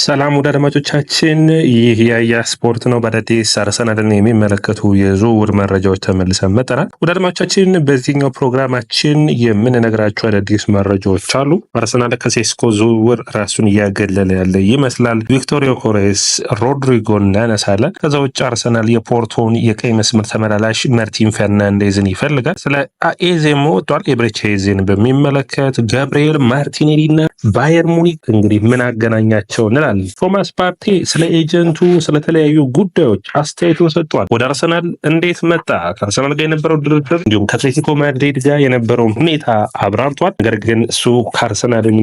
ሰላም ወደ አድማጮቻችን፣ ይህ የያ ስፖርት ነው። በአዳዲስ አርሰናልን የሚመለከቱ የዝውውር መረጃዎች ተመልሰን መጠናል። ወደ አድማጮቻችን፣ በዚህኛው ፕሮግራማችን የምንነግራቸው አዳዲስ መረጃዎች አሉ። አርሰናል ከሴስኮ ዝውውር ራሱን እያገለለ ያለ ይመስላል። ቪክቶሪዮ ኮሬስ፣ ሮድሪጎ እናነሳለን። ከዛ ውጭ አርሰናል የፖርቶን የቀይ መስመር ተመላላሽ መርቲን ፈርናንዴዝን ይፈልጋል። ስለ ኤዜሞ ወጥቷል። ኤብሬቼዜን በሚመለከት ገብርኤል ማርቲኔሊ እና ባየር ሙኒክ እንግዲህ ምን አገናኛቸው ይላል። ቶማስ ፓርቲ ስለ ኤጀንቱ ስለተለያዩ ጉዳዮች አስተያየቱን ሰጥቷል። ወደ አርሰናል እንዴት መጣ፣ ከአርሰናል ጋር የነበረው ድርድር እንዲሁም ከአትሌቲኮ ማድሪድ ጋር የነበረውን ሁኔታ አብራርቷል። ነገር ግን እሱ ከአርሰናልን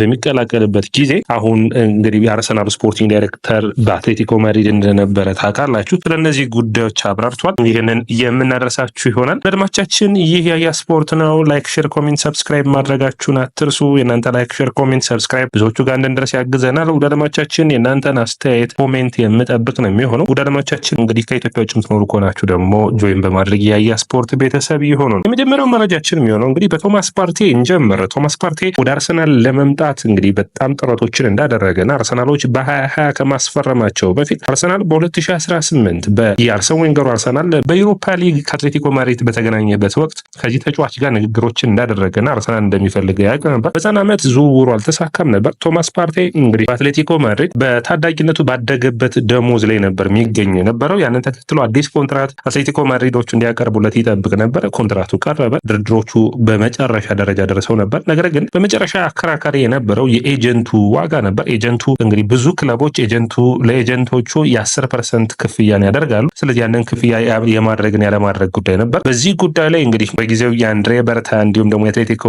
በሚቀላቀልበት ጊዜ አሁን እንግዲህ የአርሰናል ስፖርቲንግ ዳይሬክተር በአትሌቲኮ ማድሪድ እንደነበረ ታውቃላችሁ። ስለእነዚህ ጉዳዮች አብራርቷል። ይህንን የምናደርሳችሁ ይሆናል። አድማቻችን ይህ ያያ ስፖርት ነው። ላይክ፣ ሼር፣ ኮሜንት፣ ሰብስክራይብ ማድረጋችሁን አትርሱ። የእናንተ ላይክ፣ ሼር፣ ኮሜንት፣ ሰብስክራይብ ብዙዎቹ ጋር እንድንደርስ ያግዘናል። አመሰግናለሁ። ውድ አድማጮቻችን የእናንተን አስተያየት ኮሜንት የምጠብቅ ነው የሚሆነው። ውድ አድማጮቻችን እንግዲህ ከኢትዮጵያ ውጭ የምትኖሩ ከሆናችሁ ደግሞ ጆይን በማድረግ የያ ስፖርት ቤተሰብ ይሆኑ ነው። የመጀመሪያው መረጃችን የሚሆነው እንግዲህ በቶማስ ፓርቴ እንጀምር። ቶማስ ፓርቴ ወደ አርሰናል ለመምጣት እንግዲህ በጣም ጥረቶችን እንዳደረገና አርሰናሎች በ2020 ከማስፈረማቸው በፊት አርሰናል በ2018 በየአርሰን ዌንገሩ አርሰናል በዩሮፓ ሊግ ከአትሌቲኮ ማድሪድ በተገናኘበት ወቅት ከዚህ ተጫዋች ጋር ንግግሮችን እንዳደረገና አርሰናል እንደሚፈልገ ያውቅ ነበር። በዛን ዓመት ዝውውሩ አልተሳካም ነበር። ቶማስ ፓርቴ እንግዲህ አትሌቲኮ ማድሪድ በታዳጊነቱ ባደገበት ደሞዝ ላይ ነበር የሚገኙ የነበረው። ያንን ተከትሎ አዲስ ኮንትራት አትሌቲኮ ማድሪዶች እንዲያቀርቡለት ይጠብቅ ነበር። ኮንትራቱ ቀረበ። ድርድሮቹ በመጨረሻ ደረጃ ደርሰው ነበር። ነገር ግን በመጨረሻ አከራካሪ የነበረው የኤጀንቱ ዋጋ ነበር። ኤጀንቱ እንግዲህ ብዙ ክለቦች ኤጀንቱ ለኤጀንቶቹ የአስር ፐርሰንት ክፍያን ያደርጋሉ። ስለዚህ ያንን ክፍያ የማድረግን ያለማድረግ ጉዳይ ነበር። በዚህ ጉዳይ ላይ እንግዲህ በጊዜው የአንድሬ በርታ እንዲሁም ደግሞ የአትሌቲኮ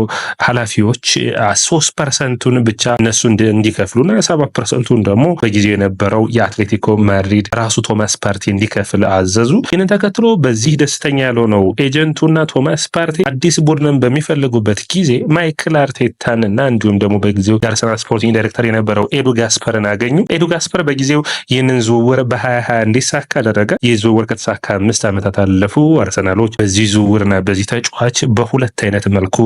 ኃላፊዎች ሶስት ፐርሰንቱን ብቻ እነሱ እንዲከፍሉ ። ሰባ ሰባት ፐርሰንቱን ደግሞ በጊዜው የነበረው የአትሌቲኮ ማድሪድ ራሱ ቶማስ ፓርቲ እንዲከፍል አዘዙ። ይህንን ተከትሎ በዚህ ደስተኛ ያልሆነው ኤጀንቱና ቶማስ ፓርቲ አዲስ ቡድንን በሚፈልጉበት ጊዜ ማይክል አርቴታን እና እንዲሁም ደግሞ በጊዜው የአርሰናል ስፖርቲንግ ዳይሬክተር የነበረው ኤዱ ጋስፐርን አገኙ። ኤዱ ጋስፐር በጊዜው ይህንን ዝውውር በ2020 እንዲሳካ አደረገ። ይህ ዝውውር ከተሳካ አምስት ዓመታት አለፉ። አርሰናሎች በዚህ ዝውውርና በዚህ ተጫዋች በሁለት አይነት መልኩ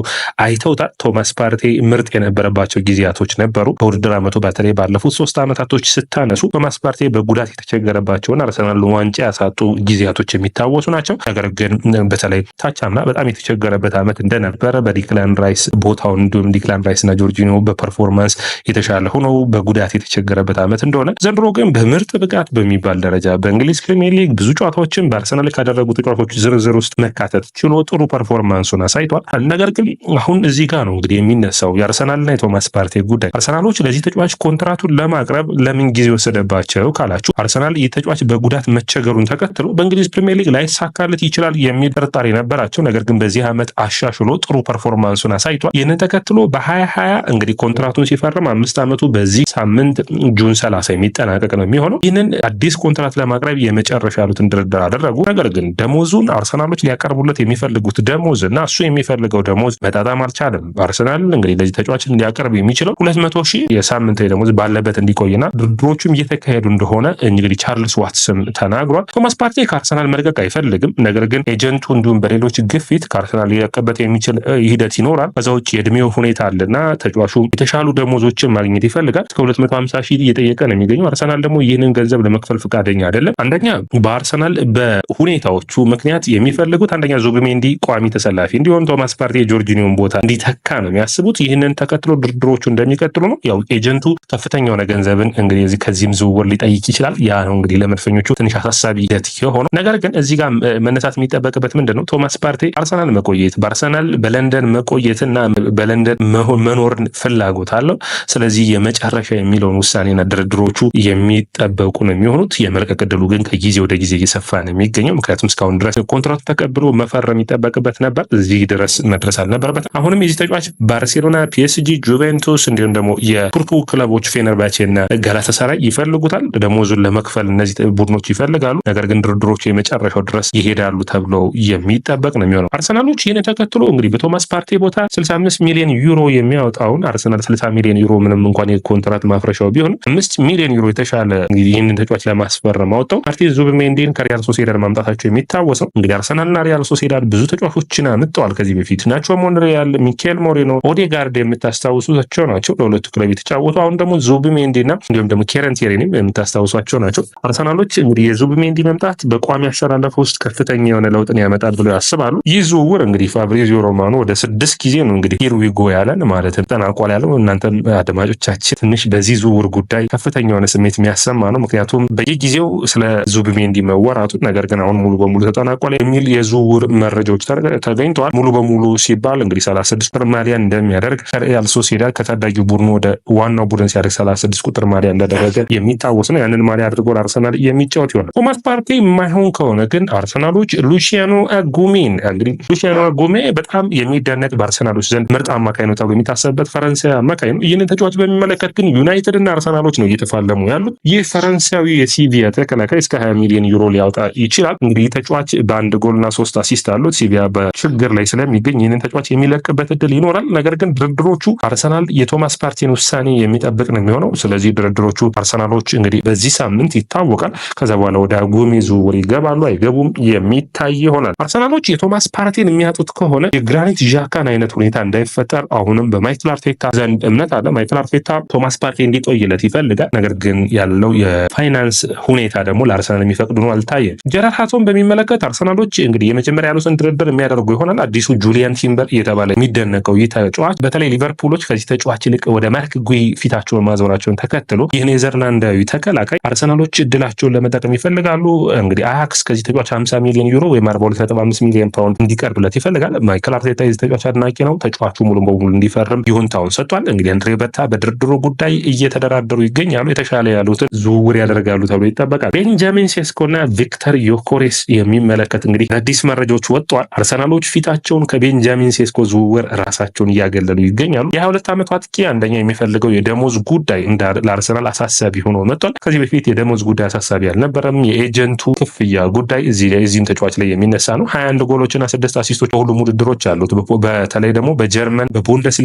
አይተውታል። ቶማስ ፓርቲ ምርጥ የነበረባቸው ጊዜያቶች ነበሩ። ከውድድር ዓመቱ በተለይ ባለፉት ሶስት ዓመታቶች ስታነሱ ቶማስ ፓርቴ በጉዳት የተቸገረባቸውን አርሰናል ዋንጫ ያሳጡ ጊዜያቶች የሚታወሱ ናቸው። ነገር ግን በተለይ ታቻምና በጣም የተቸገረበት ዓመት እንደነበረ በዲክላን ራይስ ቦታውን እንዲሁም ዲክላን ራይስ እና ጆርጂኖ በፐርፎርማንስ የተሻለ ሆኖ በጉዳት የተቸገረበት ዓመት እንደሆነ ዘንድሮ ግን በምርጥ ብቃት በሚባል ደረጃ በእንግሊዝ ፕሪሚየር ሊግ ብዙ ጨዋታዎችን በአርሰናል ካደረጉ ተጫዋቾች ዝርዝር ውስጥ መካተት ችሎ ጥሩ ፐርፎርማንሱን አሳይቷል። ነገር ግን አሁን እዚህ ጋር ነው እንግዲህ የሚነሳው የአርሰናልና የቶማስ ፓርቴ ጉዳይ። አርሰናሎች ለዚህ ተጫዋች ኮንትራ ጥናቱን ለማቅረብ ለምን ጊዜ ወሰደባቸው ካላችሁ አርሰናል የተጫዋች በጉዳት መቸገሩን ተከትሎ በእንግሊዝ ፕሪምየር ሊግ ላይሳካለት ይችላል የሚል ጥርጣሬ ነበራቸው። ነገር ግን በዚህ ዓመት አሻሽሎ ጥሩ ፐርፎርማንሱን አሳይቷል። ይህንን ተከትሎ በ2020 እንግዲህ ኮንትራቱን ሲፈርም አምስት ዓመቱ በዚህ ሳምንት ጁን 30 የሚጠናቀቅ ነው የሚሆነው። ይህንን አዲስ ኮንትራት ለማቅረብ የመጨረሻ ያሉትን ድርድር አደረጉ። ነገር ግን ደሞዙን አርሰናሎች ሊያቀርቡለት የሚፈልጉት ደሞዝ እና እሱ የሚፈልገው ደሞዝ መጣጣም አልቻለም። አርሰናል እንግዲህ ለዚህ ተጫዋችን ሊያቀርብ የሚችለው ሁለት መቶ ሺህ የሳምንት ደሞዝ ባለበት እንዲቆይና ድርድሮቹም እየተካሄዱ እንደሆነ እንግዲህ ቻርልስ ዋትስን ተናግሯል። ቶማስ ፓርቲ ከአርሰናል መልቀቅ አይፈልግም። ነገር ግን ኤጀንቱ እንዲሁም በሌሎች ግፊት ከአርሰናል ሊለቀበት የሚችል ሂደት ይኖራል። ከዛ ውጭ የእድሜው ሁኔታ አለና ተጫዋቹ የተሻሉ ደሞዞችን ማግኘት ይፈልጋል። እስከ 250 ሺህ እየጠየቀ ነው የሚገኘው። አርሰናል ደግሞ ይህንን ገንዘብ ለመክፈል ፈቃደኛ አይደለም። አንደኛ በአርሰናል በሁኔታዎቹ ምክንያት የሚፈልጉት አንደኛ ዙቢሜንዲ ቋሚ ተሰላፊ እንዲሆን፣ ቶማስ ፓርቲ የጆርጂኒዮን ቦታ እንዲተካ ነው የሚያስቡት። ይህንን ተከትሎ ድርድሮቹ እንደሚቀጥሉ ነው ያው ኤጀንቱ ከፍተ ከፍተኛ የሆነ ገንዘብን እንግዲህ ከዚህም ዝውውር ሊጠይቅ ይችላል። ያ ነው እንግዲህ ለመድፈኞቹ ትንሽ አሳሳቢ ሂደት የሆነው ነገር። ግን እዚህ ጋር መነሳት የሚጠበቅበት ምንድን ነው? ቶማስ ፓርቴ አርሰናል መቆየት በአርሰናል በለንደን መቆየትና በለንደን መኖርን ፍላጎት አለው። ስለዚህ የመጨረሻ የሚለውን ውሳኔና ድርድሮቹ የሚጠበቁ ነው የሚሆኑት። የመልቀቅ ዕድሉ ግን ከጊዜ ወደ ጊዜ እየሰፋ ነው የሚገኘው። ምክንያቱም እስካሁን ድረስ ኮንትራቱ ተቀብሎ መፈረም ይጠበቅበት ነበር። እዚህ ድረስ መድረስ አልነበረበት። አሁንም የዚህ ተጫዋች ባርሴሎና፣ ፒኤስጂ፣ ጁቬንቱስ እንዲሁም ደግሞ የቱርኩ ክለቦች ፌነርባቼና ጋላተሳራይ ይፈልጉታል። ደሞዙን ለመክፈል እነዚህ ቡድኖች ይፈልጋሉ። ነገር ግን ድርድሮቹ የመጨረሻው ድረስ ይሄዳሉ ተብሎ የሚጠበቅ ነው የሚሆነው። አርሰናሎች ይህን ተከትሎ እንግዲህ በቶማስ ፓርቴ ቦታ 65 ሚሊዮን ዩሮ የሚያወጣውን አርሰናል 60 ሚሊዮን ዩሮ ምንም እንኳን የኮንትራት ማፍረሻው ቢሆንም አምስት ሚሊዮን ዩሮ የተሻለ ይህንን ተጫዋች ለማስፈረም አወጣው። ፓርቴ ዙቢሜንዲን ከሪያል ሶሴዳድ ማምጣታቸው የሚታወሰው እንግዲህ አርሰናልና ሪያል ሶሴዳድ ብዙ ተጫዋቾችን አምጠዋል ከዚህ በፊት ናቸው ሞንሪያል፣ ሚኬል ሞሪኖ፣ ኦዴጋርድ የምታስታውሱቸው ናቸው። ለሁለቱ ክለብ የተጫወቱ አሁን ደግሞ ዙቢሜንዲና እንዲሁም ደግሞ ኬረን የምታስታውሷቸው ናቸው። አርሰናሎች እንግዲህ የዙቢሜንዲ መምጣት በቋሚ አሰላለፍ ውስጥ ከፍተኛ የሆነ ለውጥን ያመጣል ብለው ያስባሉ። ይህ ዝውውር እንግዲህ ፋብሪዚዮ ሮማኖ ወደ ስድስት ጊዜ ነው እንግዲህ ሂርዊጎ ያለን ማለት ጠናቋል ያለው እናንተ አድማጮቻችን ትንሽ በዚህ ዝውውር ጉዳይ ከፍተኛ የሆነ ስሜት የሚያሰማ ነው። ምክንያቱም በየጊዜው ስለ ዙቢሜንዲ መወራቱ ነገር ግን አሁን ሙሉ በሙሉ ተጠናቋል የሚል የዝውውር መረጃዎች ተገኝተዋል። ሙሉ በሙሉ ሲባል እንግዲህ ሰላሳ ስድስት ፕሪሚየር እንደሚያደርግ ሪያል ሶሲዳድ ከታዳጊ ቡድኑ ወደ ዋናው ቡድን ሲያደርግ ስድስት ቁጥር ማሊያ እንዳደረገ የሚታወስ ነው። ያንን ማሊያ አድርጎ ለአርሰናል የሚጫወት ይሆናል። ቶማስ ፓርቴ የማይሆን ከሆነ ግን አርሰናሎች ሉሲያኖ አጉሜን እንግዲህ ሉሲያኖ አጉሜ በጣም የሚደነቅ በአርሰናሎች ዘንድ ምርጥ አማካኝ ነው ተብሎ የሚታሰብበት ፈረንሳይ አማካኝ ነው። ይህንን ተጫዋች በሚመለከት ግን ዩናይትድ እና አርሰናሎች ነው እየተፋለሙ ያሉት። ይህ ፈረንሳዊ የሲቪያ ተከላካይ እስከ 20 ሚሊዮን ዩሮ ሊያወጣ ይችላል። እንግዲህ ተጫዋች በአንድ ጎልና ሶስት አሲስት አሉት። ሲቪያ በችግር ላይ ስለሚገኝ ይህንን ተጫዋች የሚለቅበት እድል ይኖራል። ነገር ግን ድርድሮቹ አርሰናል የቶማስ ፓርቲን ውሳኔ የሚጠብቅ ነው የሚሆነው። ስለዚህ ድርድሮቹ አርሰናሎች እንግዲህ በዚህ ሳምንት ይታወቃል። ከዛ በኋላ ወደ ጉሚ ዝውውር ይገባሉ አይገቡም የሚታይ ይሆናል። አርሰናሎች የቶማስ ፓርቲን የሚያጡት ከሆነ የግራኒት ዣካን አይነት ሁኔታ እንዳይፈጠር አሁንም በማይክል አርቴታ ዘንድ እምነት አለ። ማይክል አርቴታ ቶማስ ፓርቲ እንዲቆይለት ይፈልጋል። ነገር ግን ያለው የፋይናንስ ሁኔታ ደግሞ ለአርሰናል የሚፈቅዱ ነው አልታየም። ጀራር ሀቶን በሚመለከት አርሰናሎች እንግዲህ የመጀመሪያ ያሉትን ድርድር የሚያደርጉ ይሆናል። አዲሱ ጁሊያን ቲምበር እየተባለ የሚደነቀው ይህ ተጫዋች በተለይ ሊቨርፑሎች ከዚህ ተጫዋች ይልቅ ወደ ማርክ ጉይ ፊታቸው ማዞራቸውን ተከትሎ ይህ ኔዘርላንዳዊ ተከላካይ አርሰናሎች እድላቸውን ለመጠቀም ይፈልጋሉ። እንግዲህ አያክስ ከዚህ ተጫዋች 50 ሚሊዮን ዩሮ ወይም 42.5 ሚሊዮን ፓውንድ እንዲቀርብለት ይፈልጋል። ማይክል አርቴታ የዚህ ተጫዋች አድናቂ ነው። ተጫዋቹ ሙሉ በሙሉ እንዲፈርም ይሁንታውን ሰጥቷል። እንግዲህ አንድሬ በርታ በድርድሩ ጉዳይ እየተደራደሩ ይገኛሉ። የተሻለ ያሉትን ዝውውር ያደርጋሉ ተብሎ ይጠበቃል። ቤንጃሚን ሴስኮና ቪክተር ዮኮሬስ የሚመለከት እንግዲህ አዲስ መረጃዎች ወጥተዋል። አርሰናሎች ፊታቸውን ከቤንጃሚን ሴስኮ ዝውውር ራሳቸውን እያገለሉ ይገኛሉ። የ22 ዓመቱ አጥቂ አንደኛ የሚፈልገው የደሞዝ ጉድ ጉዳይ ለአርሰናል አሳሳቢ ሆኖ መጥቷል። ከዚህ በፊት የደሞዝ ጉዳይ አሳሳቢ አልነበረም። የኤጀንቱ ክፍያ ጉዳይ እዚህም ተጫዋች ላይ የሚነሳ ነው። ሀያ አንድ ጎሎችና ስድስት አሲስቶች በሁሉም ውድድሮች አሉት። በተለይ ደግሞ በጀርመን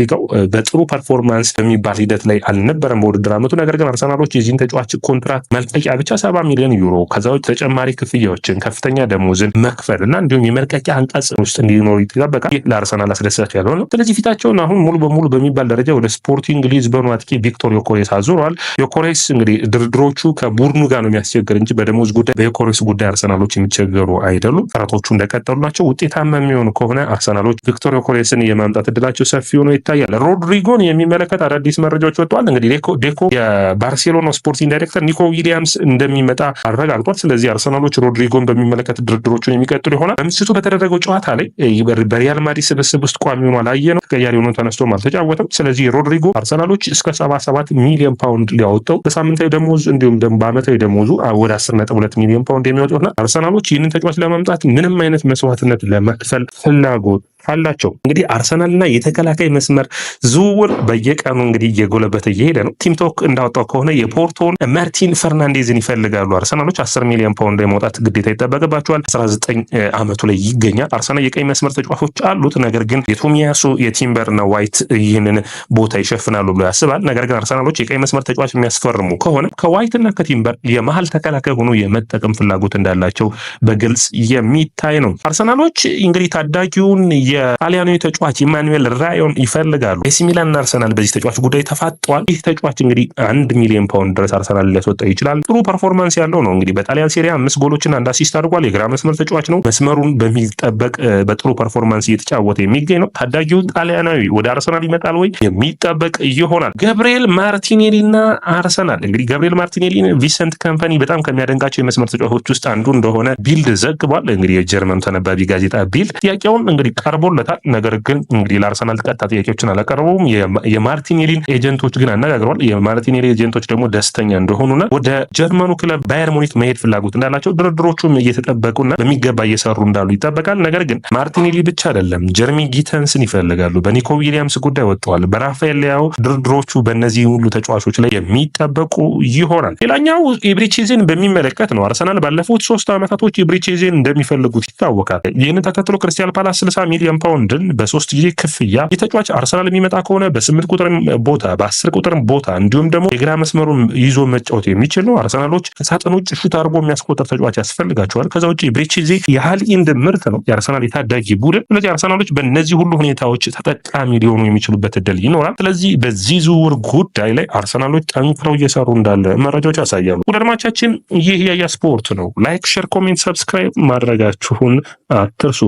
ሊጋው በጥሩ ፐርፎርማንስ በሚባል ሂደት ላይ አልነበረም በውድድር አመቱ። ነገር ግን አርሰናሎች የዚህን ተጫዋች ኮንትራት መልቀቂያ ብቻ ሰባ ሚሊዮን ዩሮ ከዛ ተጨማሪ ክፍያዎችን ከፍተኛ ደሞዝን መክፈል እና እንዲሁም የመልቀቂያ አንቀጽ ውስጥ እንዲኖሩ ይጠበቃል። ይህ ለአርሰናል አስደሳች ያልሆነው። ስለዚህ ፊታቸውን አሁን ሙሉ በሙሉ በሚባል ደረጃ ወደ ስፖርቲንግ ሊዝበኑ አጥቂ ቪክቶር በዮኮሬስ አዙሯል። ዮኮሬስ እንግዲህ ድርድሮቹ ከቡድኑ ጋር ነው የሚያስቸግር እንጂ በደሞዝ ጉዳይ በዮኮሬስ ጉዳይ አርሰናሎች የሚቸገሩ አይደሉም። ጥረቶቹ እንደቀጠሉ ናቸው። ውጤታማ የሚሆኑ ከሆነ አርሰናሎች ቪክቶር ዮኮሬስን የማምጣት እድላቸው ሰፊ ሆኖ ይታያል። ሮድሪጎን የሚመለከት አዳዲስ መረጃዎች ወጥተዋል። እንግዲህ ዴኮ የባርሴሎና ስፖርቲንግ ዳይሬክተር ኒኮ ዊሊያምስ እንደሚመጣ አረጋግጧል። ስለዚህ አርሰናሎች ሮድሪጎን በሚመለከት ድርድሮቹን የሚቀጥሉ ይሆናል። በምሽቱ በተደረገው ጨዋታ ላይ በሪያል ማድሪድ ስብስብ ውስጥ ቋሚ ሆኖ አላየ ነው ተቀያሪ ሆኖ ተነስቶም አልተጫወተም። ስለዚህ ሮድሪጎ አርሰናሎች እስከ ሰባ ሰባት ሚሊዮን ፓውንድ ሊያወጣው በሳምንታዊ ደሞዝ እንዲሁም ደግሞ በአመታዊ ደሞዙ ወደ አስር ነጥብ ሁለት ሚሊዮን ፓውንድ የሚወጣውና አርሰናሎች ይህንን ተጫዋች ለማምጣት ምንም አይነት መስዋዕትነት ለመክፈል ፍላጎት አላቸው። እንግዲህ አርሰናልና የተከላካይ መስመር ዝውውር በየቀኑ እንግዲህ እየጎለበት እየሄደ ነው። ቲምቶክ እንዳወጣው ከሆነ የፖርቶን መርቲን ፈርናንዴዝን ይፈልጋሉ አርሰናሎች። 10 ሚሊዮን ፓውንድ የማውጣት ግዴታ ይጠበቅባቸዋል። 19 ዓመቱ ላይ ይገኛል። አርሰናል የቀኝ መስመር ተጫዋቾች አሉት፣ ነገር ግን የቶሚያሱ የቲምበርና ዋይት ይህንን ቦታ ይሸፍናሉ ብሎ ያስባል። ነገር ግን አርሰናሎች የቀኝ መስመር ተጫዋች የሚያስፈርሙ ከሆነ ከዋይትና ከቲምበር የመሀል ተከላካይ ሆኖ የመጠቀም ፍላጎት እንዳላቸው በግልጽ የሚታይ ነው። አርሰናሎች እንግዲህ ታዳጊውን የጣሊያኑ ተጫዋች ኢማኑኤል ራዮን ይፈልጋሉ። ኤሲ እና አርሰናል በዚህ ተጫዋች ጉዳይ ተፋጠዋል። ይህ ተጫዋች እንግዲህ አንድ ሚሊዮን ፓውንድ ድረስ አርሰናል ሊያስወጣው ይችላል። ጥሩ ፐርፎርማንስ ያለው ነው። እንግዲህ በጣሊያን ሴሪያ አምስት ጎሎችን አንድ አሲስት አድርጓል። የግራ መስመር ተጫዋች ነው። መስመሩን በሚጠበቅ በጥሩ ፐርፎርማንስ እየተጫወተ የሚገኝ ነው። ታዳጊው ጣሊያናዊ ወደ አርሰናል ይመጣል ወይ የሚጠበቅ ይሆናል። ገብርኤል ማርቲኔሊ እና አርሰናል እንግዲህ ገብርኤል ማርቲኔሊ ቪሰንት ካምፓኒ በጣም ከሚያደንቃቸው የመስመር ተጫዋቾች ውስጥ አንዱ እንደሆነ ቢልድ ዘግቧል። እንግዲህ የጀርመኑ ተነባቢ ጋዜጣ ቢልድ ጥያቄውን እንግዲህ ቀርቦለታል። ነገር ግን እንግዲህ ለአርሰናል ቀጥታ ጥያቄዎችን አላቀረቡም። የማርቲኔሊን ኤጀንቶች ግን አነጋግረዋል። የማርቲኔሊ ኤጀንቶች ደግሞ ደስተኛ እንደሆኑና ወደ ጀርመኑ ክለብ ባየር ሙኒክ መሄድ ፍላጎት እንዳላቸው ድርድሮቹም እየተጠበቁና በሚገባ እየሰሩ እንዳሉ ይጠበቃል። ነገር ግን ማርቲኔሊ ብቻ አይደለም ጀርሚ ጊተንስን ይፈልጋሉ። በኒኮ ዊሊያምስ ጉዳይ ወጥተዋል። በራፋኤል ሊያው ድርድሮቹ በእነዚህ ሁሉ ተጫዋቾች ላይ የሚጠበቁ ይሆናል። ሌላኛው ኢብሪቼዜን በሚመለከት ነው። አርሰናል ባለፉት ሶስት ዓመታቶች ኢብሪቼዜን እንደሚፈልጉት ይታወቃል። ይህንን ተከትሎ ክርስቲያን ፓላስ 60 ሚሊዮን ሚሊዮን ፓውንድን በሶስት ጊዜ ክፍያ የተጫዋች አርሰናል የሚመጣ ከሆነ በስምንት ቁጥር ቦታ በአስር ቁጥር ቦታ እንዲሁም ደግሞ የግራ መስመሩን ይዞ መጫወት የሚችል ነው። አርሰናሎች ከሳጥን ውጭ ሹት አድርጎ የሚያስቆጠር ተጫዋች ያስፈልጋቸዋል። ከዛ ውጭ ብሬቺዚ የሃል ኢንድ ምርት ነው የአርሰናል የታዳጊ ቡድን። ስለዚህ አርሰናሎች በእነዚህ ሁሉ ሁኔታዎች ተጠቃሚ ሊሆኑ የሚችሉበት እድል ይኖራል። ስለዚህ በዚህ ዝውውር ጉዳይ ላይ አርሰናሎች ጠንክረው እየሰሩ እንዳለ መረጃዎች ያሳያሉ። ወደ አድማቻችን ይህ ያያ ስፖርት ነው። ላይክ፣ ሼር፣ ኮሜንት፣ ሰብስክራይብ ማድረጋችሁን አትርሱ።